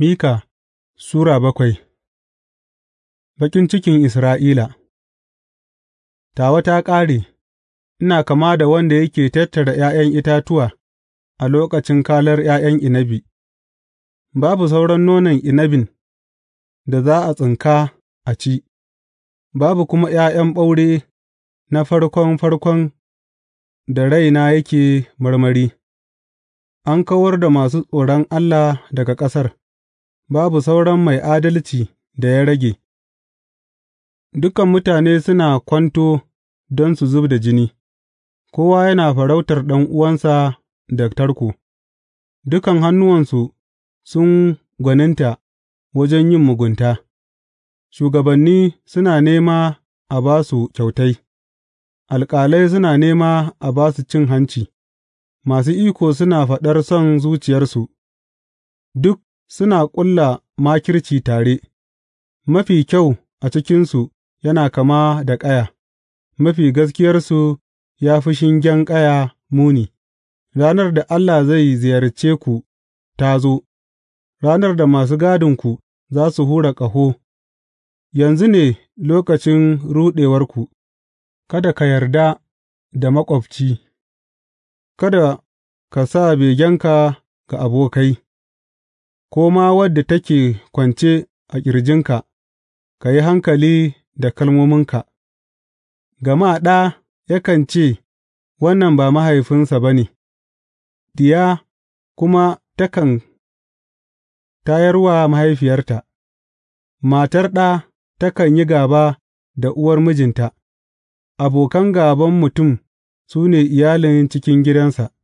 Mika Sura bakwai Baƙin cikin Isra'ila Tawa ta ƙare, ina kama da wanda yake tattara ’ya'yan itatuwa a lokacin kalar ’ya'yan inabi, babu sauran nonon inabin da za a tsinka a ci, babu kuma ’ya'yan ɓaure na farkon farkon da raina yake marmari, an kawar da masu tsoron Allah daga ƙasar. babu sauran mai adalci da ya rage; dukan mutane suna kwanto don su zub da jini, kowa yana farautar ɗan'uwansa da tarko, dukan hannuwansu sun gwaninta wajen yin mugunta, shugabanni suna nema a ba su kyautai, alƙalai suna nema a ba su cin hanci, masu iko suna faɗar son zuciyarsu, Duk Suna ƙulla makirci tare; mafi kyau a cikinsu yana kama da ƙaya, mafi gaskiyarsu ya fi shingen ƙaya muni, ranar da Allah zai ziyarce ku ta zo, ranar da masu gadinku za su hura ƙaho, yanzu ne lokacin ruɗewarku, kada ka yarda da maƙwabci, kada ka sa begenka ga abokai. ko ma wadda take kwance a ƙirjinka, ka yi hankali da kalmominka, gama ɗa yakan ce, Wannan ba mahaifinsa ba ne, diya kuma takan tayar wa mahaifiyarta, matar ɗa takan yi gaba da uwar mijinta, abokan gaban mutum su ne iyalin cikin gidansa,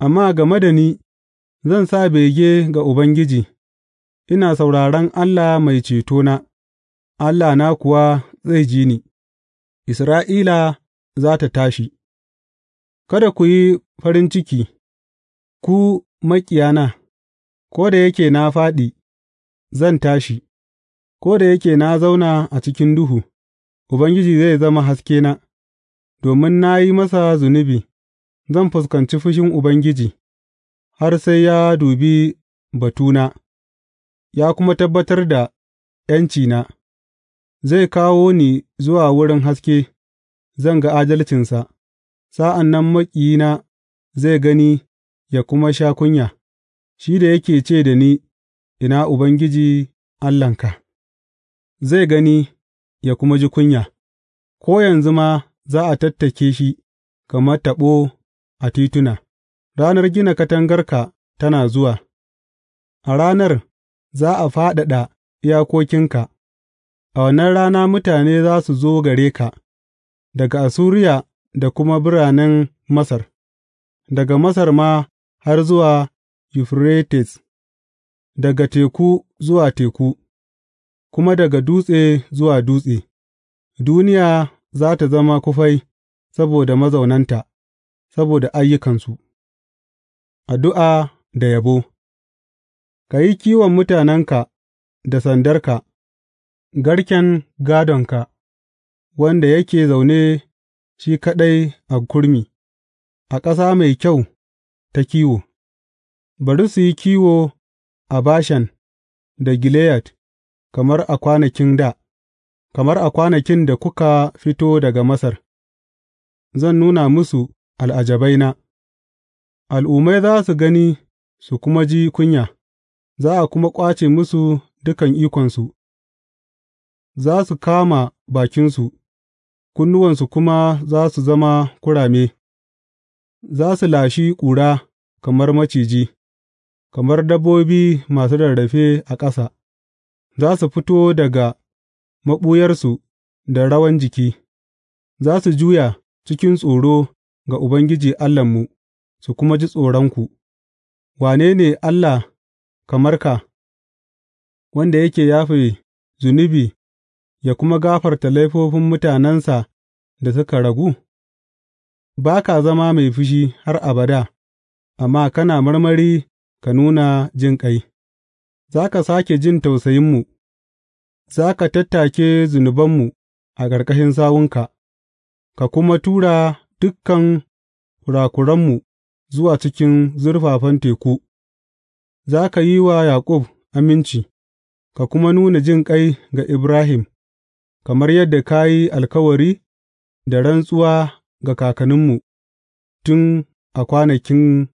amma game da ni, Zan sa bege ga Ubangiji, ina sauraron Allah Mai Cetona, na kuwa zai ji ni, Isra'ila za ta tashi. Kada ku yi farin ciki, ku maƙiyana, ko da yake na fāɗi, zan tashi, ko da yake na zauna a cikin duhu, Ubangiji zai zama haskena, domin na yi masa zunubi, zan fuskanci fushin Ubangiji. har sai ya dubi batuna ya kuma tabbatar da ’yancina; zai kawo ni zuwa wurin haske, zan ga adalcinsa, sa'an nan maƙiyina zai gani ya kuma sha kunya, shi da yake ce da ni, Ina Ubangiji Allahnka?’ zai gani ya kuma ji kunya, ko yanzu ma za a tattake shi kamar taɓo a tituna. Ranar gina katangarka tana zuwa, a ranar za a fadada iyakokinka; a wannan rana mutane za su zo gare ka daga Asuriya da kuma biranen Masar, daga Masar ma har zuwa Euphrates, daga teku zuwa teku, kuma daga dutse zuwa dutse; duniya za ta zama kufai saboda mazaunanta, saboda ayyukansu. Addu'a da yabo Ka yi kiwon mutanenka da sandarka, garken gādonka, wanda yake zaune shi kaɗai a kurmi, a ƙasa mai kyau ta kiwo; bari su yi kiwo a Bashan da Gileyad kamar a kwanakin da. kamar a kwanakin da kuka fito daga Masar, zan nuna musu al'ajabaina. Al'ummai za su gani su kuma ji kunya, za a kuma ƙwace musu dukan ikonsu; za su kama bakinsu, kunnuwansu kuma za su zama kurame, za su lashi ƙura kamar maciji, kamar dabbobi masu rarrafe a ƙasa; za su fito daga maɓuyarsu da rawan jiki, za su juya cikin tsoro ga Ubangiji Allahnmu. su kuma ji tsoronku, wane ne Allah kamar ka, wanda yake yafe zunubi ya kuma gafarta laifofin mutanensa da suka ragu? Ba ka zama mai fushi har abada, amma kana marmari ka nuna jin ƙai. za ka sake jin tausayinmu, za ka tattake zunubanmu a ƙarƙashin sawunka, ka kuma tura dukan kurakuranmu zuwa cikin zurfafan teku, za ka yi wa Yaƙub aminci, ka kuma nuna jin ƙai ga Ibrahim, kamar yadda ka yi alkawari da rantsuwa ga kakanninmu tun a kwanakin